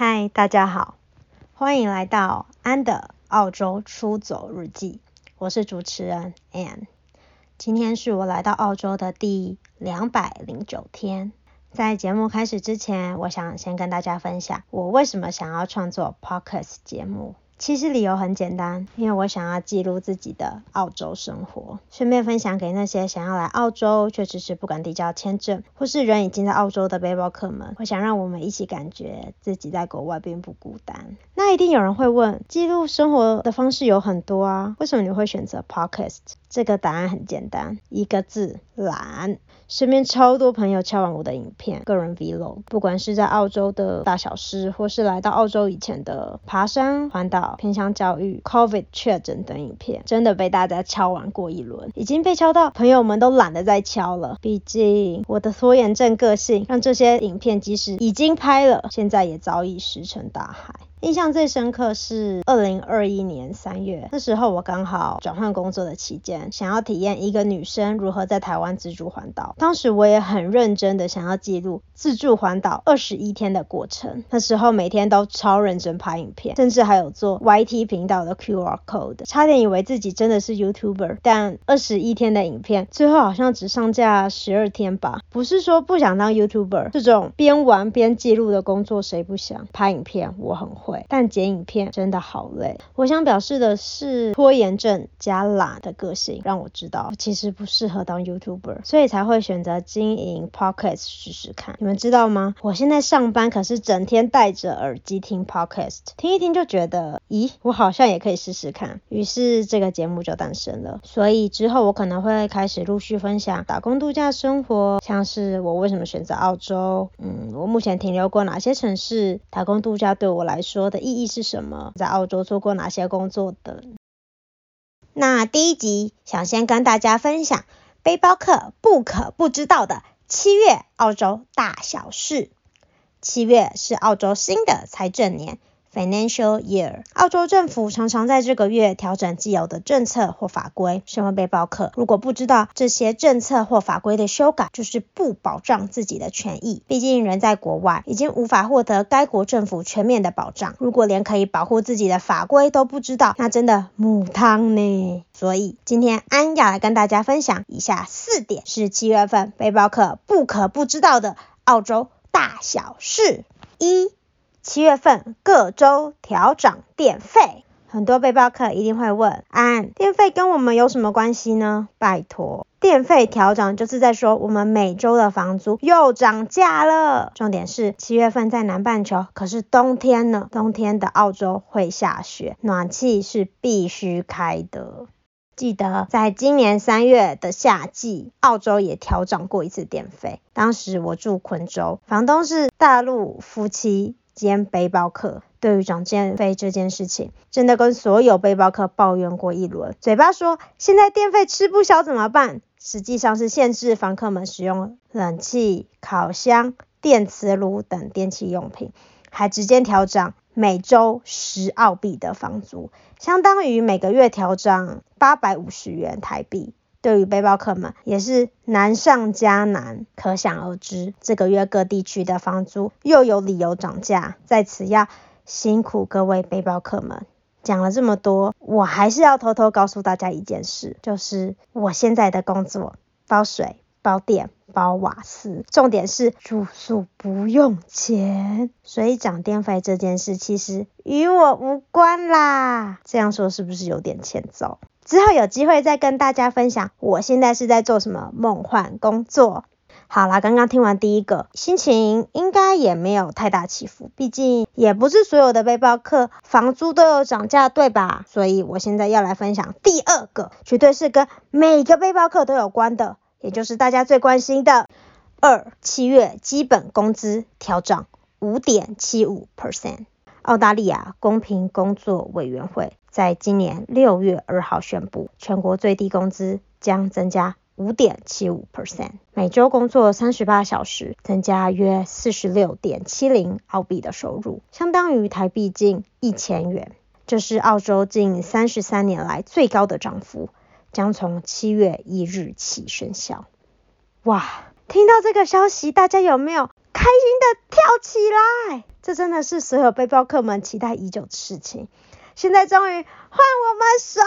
嗨，大家好，歡迎來到安的澳洲出走日記。我是主持人 Anne，今天是我來到澳洲的第兩百零九天。在節目開始之前，我想先跟大家分享我為什麼想要創作 podcast 節目。其實理由很簡單，因為我想要記錄自己的澳洲生活，順便分享給那些想要來澳洲卻遲遲不敢遞交簽證，或是人已經在澳洲的背包客們，我想讓我們一起感覺自己在國外並不孤單。那一定有人會問，記錄生活的方式有很多啊，為什麼你會選擇 podcast？這個答案很簡單，一個字：懶。身邊超多朋友敲完我的影片、個人 vlog，不管是在澳洲的大小事，或是來到澳洲以前的爬山、環島、偏鄉教育、COVID 確診等影片，真的被大家敲完過一輪，已經被敲到朋友們都懶得再敲了。畢竟我的拖延症個性，讓這些影片即使已經拍了，現在也早已石沉大海。印象最深刻是二零二一年三月，那時候我剛好轉換工作的期間，想要體驗一個女生如何在台灣自助環島。當時我也很認真的想要記錄自助環島二十一天的過程，那時候每天都超認真拍影片，甚至還有做 YT 頻道的 QR code，差點以為自己真的是 YouTuber。但二十一天的影片最後好像只上架十二天吧，不是說不想當 YouTuber，這種邊玩邊記錄的工作誰不想拍影片？我很會。但剪影片真的好累。我想表示的是，拖延症加懶的個性，讓我知道我其實不適合當 YouTuber，所以才會選擇經營 podcast 試試看。你們知道嗎？我現在上班可是整天戴着耳機聽 podcast，聽一聽就覺得，咦，我好像也可以試試看。於是這個節目就誕生了。所以之後我可能會開始陸續分享打工度假生活，像是我為什麼選擇澳洲，嗯，我目前停留過哪些城市，打工度假對我來說。說的意義是什麼？在澳洲做過哪些工作的？那第一集想先跟大家分享背包客不可不知道的七月澳洲大小事。七月是澳洲新的財政年。Financial year，澳洲政府常常在這個月調整既有的政策或法規，身為背包客，如果不知道這些政策或法規的修改，就是不保障自己的權益。畢竟人在國外，已經無法獲得該國政府全面的保障。如果連可以保護自己的法規都不知道，那真的母湯呢？所以今天安雅來跟大家分享以下四點，是七月份背包客不可不知道的澳洲大小事一。一七月份各州調漲電費，很多背包客一定會問：安，電費跟我們有什麼關係呢？拜托，電費調漲就是在說我們每周的房租又漲價了。重點是七月份在南半球，可是冬天呢？冬天的澳洲會下雪，暖氣是必須開的。記得在今年三月的夏季，澳洲也調漲過一次電費，當時我住昆州，房東是大陸夫妻。間背包客對於漲電費這件事情，真的跟所有背包客抱怨過一輪，嘴巴說現在電費吃不消怎麼辦？實際上是限制房客們使用冷氣、烤箱、電磁爐等電器用品，還直接調漲每週十澳幣的房租，相當於每個月調漲八百五十元台幣。對於背包客們也是難上加難，可想而知，這個月各地區的房租又有理由漲價，在此要辛苦各位背包客們。講了這麼多，我還是要偷偷告訴大家一件事，就是我現在的工作包水、包電、包瓦斯，重點是住宿不用錢，所以漲電費這件事其實與我無關啦。這樣說是不是有點欠揍？之後有機會再跟大家分享，我現在是在做什麼夢幻工作。好啦，剛剛聽完第一個，心情應該也沒有太大起伏，畢竟也不是所有的背包客房租都有漲價，對吧？所以我現在要來分享第二個，絕對是跟每個背包客都有關的，也就是大家最關心的二七月基本工資調漲五點七五 percent，澳大利亞公平工作委員會。在今年六月二號宣布，全國最低工資將增加五點七五 percent，每周工作三十八小時，增加約四十六點七零澳幣的收入，相當於台幣近一千元。這是澳洲近三十三年來最高的漲幅，將從七月一日起生效。哇，聽到這個消息，大家有沒有開心的跳起來？這真的是所有背包客們期待已久的事情。現在終於換我們爽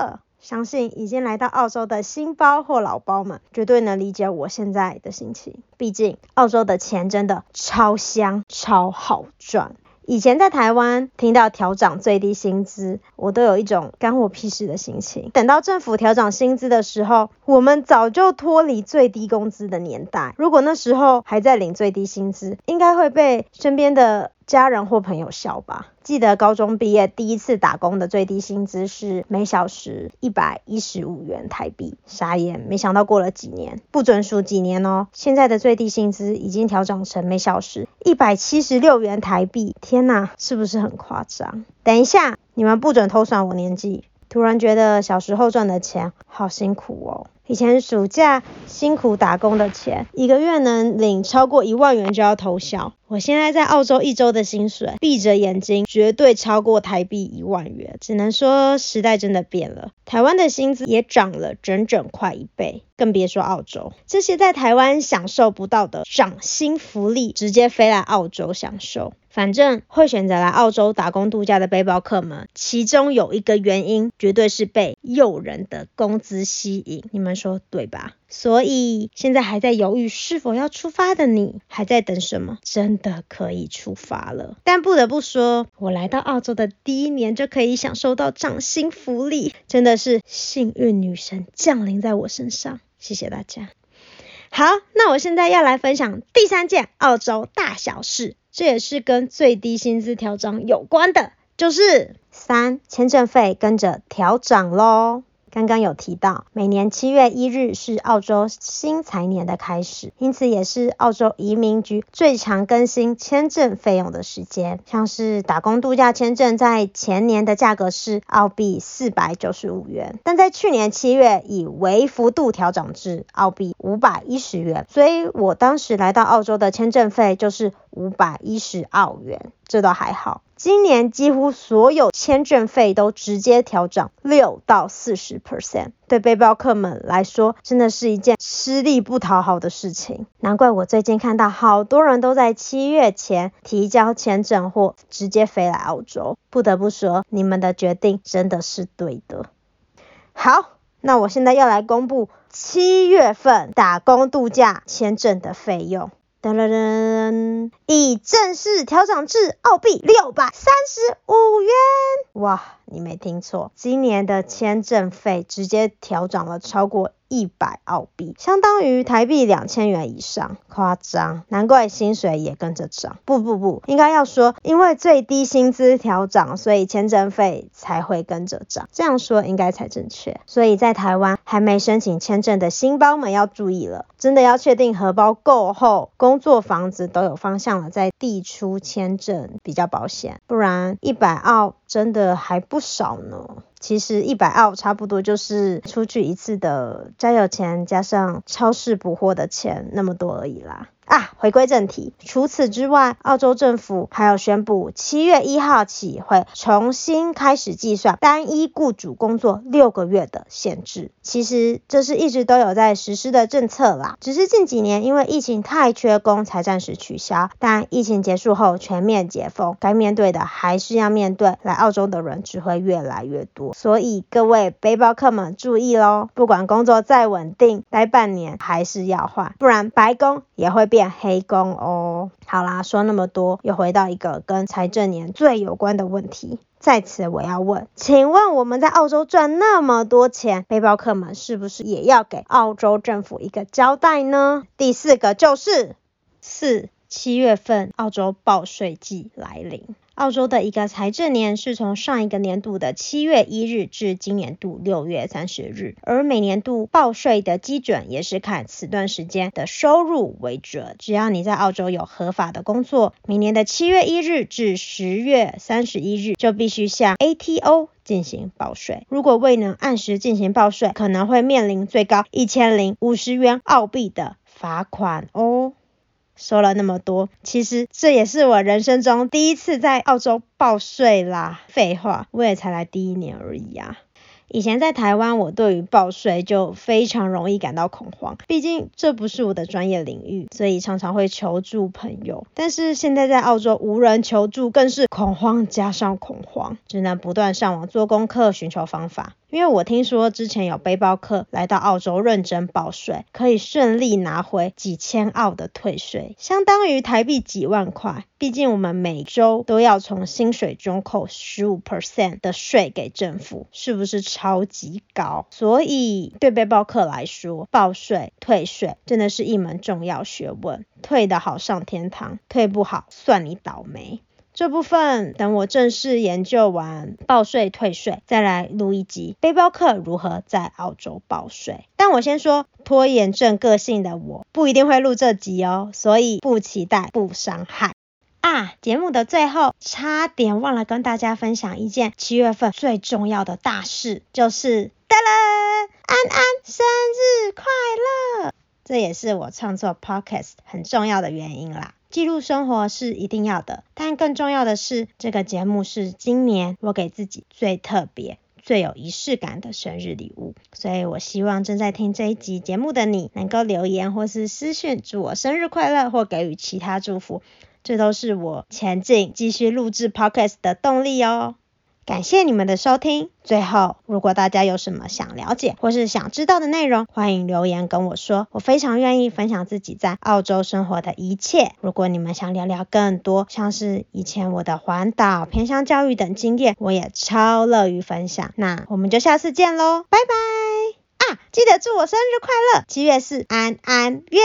了！相信已經來到澳洲的新包或老包們，絕對能理解我現在的心情。畢竟澳洲的錢真的超香、超好賺。以前在台灣聽到調漲最低薪資，我都有一種干我屁事的心情。等到政府調漲薪資的時候，我們早就脫離最低工資的年代。如果那時候還在領最低薪資，應該會被身邊的家人或朋友笑吧。記得高中畢業第一次打工的最低薪資是每小時一百一十五元台幣，傻眼。沒想到過了幾年，不准數幾年哦，現在的最低薪資已經調整成每小時一百七十六元台幣。天吶，是不是很誇張？等一下，你們不准偷算我年紀。突然覺得小時候賺的錢好辛苦哦。以前暑假辛苦打工的錢，一個月能領超過一萬元就要偷笑。我現在在澳洲一周的薪水，閉着眼睛絕對超過台幣一萬元。只能說時代真的變了，台灣的薪資也漲了整整快一倍，更別說澳洲，這些在台灣享受不到的漲薪福利，直接飛來澳洲享受。反正會選擇來澳洲打工度假的背包客們，其中有一個原因，絕對是被。誘人的工資吸引，你們說對吧？所以現在還在猶豫是否要出發的你，還在等什麼？真的可以出發了。但不得不說，我來到澳洲的第一年就可以享受到漲薪福利，真的是幸運女神降臨在我身上。謝謝大家。好，那我現在要來分享第三件澳洲大小事，這也是跟最低薪資調整有關的。就是三，簽證費跟着調漲嘍。剛剛有提到，每年七月一日是澳洲新財年的開始，因此也是澳洲移民局最常更新簽證費用的時間。像是打工度假簽證，在前年的價格是澳幣四百九十五元，但在去年七月以微幅度調漲至澳幣五百一十元，所以我當時來到澳洲的簽證費就是五百一十澳元，這倒還好。今年幾乎所有簽證費都直接調漲六到四十 percent，對背包客們來說，真的是一件吃力不討好的事情。難怪我最近看到好多人都在七月前提交簽證或直接飛來澳洲。不得不說，你們的決定真的是對的。好，那我現在要來公布七月份打工度假簽證的費用。噔噔噔！已正式調漲至澳幣六百三十五元。哇，你沒聽錯，今年的簽證費直接調漲了超過。一百澳幣相當於台幣兩千元以上，誇張！難怪薪水也跟着漲。不不不，應該要說，因為最低薪資調漲，所以簽證費才會跟着漲，這樣說應該才正確。所以在台灣還沒申請簽證的新包們要注意了，真的要確定荷包夠厚，工作房子都有方向了，再遞出簽證比較保險，不然一百澳。真的還不少呢。其實一百澳差不多就是出去一次的加油錢，加上超市補貨的錢那麼多而已啦。啊，回歸正題。除此之外，澳洲政府還要宣布，七月一號起會重新開始計算單一僱主工作六個月的限制。其實這是一直都有在實施的政策啦，只是近幾年因為疫情太缺工才暫時取消。但疫情結束後全面解封，該面對的還是要面對。來澳洲的人只會越來越多，所以各位背包客們注意嘍，不管工作再穩定，待半年還是要換，不然白工也會變。變黑工哦，好啦，說那麼多，又回到一個跟財政年最有關的問題。在此，我要問，請問我們在澳洲賺那麼多錢，背包客們是不是也要給澳洲政府一個交代呢？第四個就是四。是七月份，澳洲報稅季來臨。澳洲的一個財政年是從上一個年度的七月一日至今年度六月三十日，而每年度報稅的基準也是看此段時間的收入為準。只要你在澳洲有合法的工作，每年的七月一日至十月三十一日就必須向 ATO 進行報稅。如果未能按時進行報稅，可能會面臨最高一千零五十元澳幣的罰款哦。說了那麼多，其實這也是我人生中第一次在澳洲報稅啦。廢話，我也才來第一年而已啊。以前在台灣，我對於報稅就非常容易感到恐慌，畢竟這不是我的專業領域，所以常常會求助朋友。但是現在在澳洲，無人求助，更是恐慌加上恐慌，只能不斷上網做功課，尋求方法。因為我聽說之前有背包客來到澳洲認真報稅，可以順利拿回幾千澳的退稅，相當於台幣幾萬塊。畢竟我們每周都要從薪水中扣15%的稅給政府，是不是超級高？所以對背包客來說，報稅退稅真的是一門重要學問。退得好上天堂，退不好算你倒霉。這部分等我正式研究完報稅退稅，再來錄一集背包客如何在澳洲報稅。但我先說，拖延症個性的我不一定會錄這集哦，所以不期待，不傷害。啊，節目的最後差點忘了跟大家分享一件七月份最重要的大事，就是，噹噹！安安生日快樂！這也是我創作 podcast 很重要的原因啦。記錄生活是一定要的，但更重要的是，這個節目是今年我給自己最特別、最有儀式感的生日禮物。所以我希望正在聽這一集節目的你，能夠留言或是私訊祝我生日快樂，或給予其他祝福，這都是我前進繼續錄製 Podcast 的動力哦。感謝你們的收聽。最後，如果大家有什麼想了解或是想知道的內容，歡迎留言跟我說，我非常願意分享自己在澳洲生活的一切。如果你們想聊聊更多，像是以前我的環島、偏鄉教育等經驗，我也超樂於分享。那我們就下次見嘍，拜拜！啊，記得祝我生日快樂，七月四，安安月。